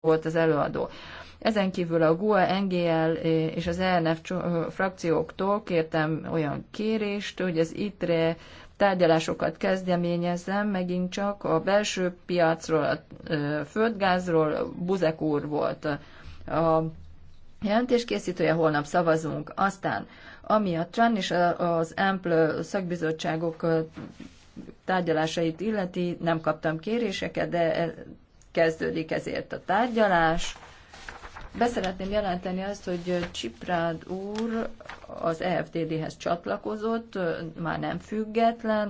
volt az előadó. Ezen kívül a GUA, NGL és az ENF frakcióktól kértem olyan kérést, hogy az ITRE tárgyalásokat kezdeményezzem, megint csak a belső piacról, a földgázról, Buzek úr volt a jelentéskészítője, holnap szavazunk. Aztán, ami a TRAN és az EMPL szakbizottságok tárgyalásait illeti, nem kaptam kéréseket, de kezdődik ezért a tárgyalás. Beszeretném jelenteni azt, hogy Csiprád úr az EFTD-hez csatlakozott, már nem független,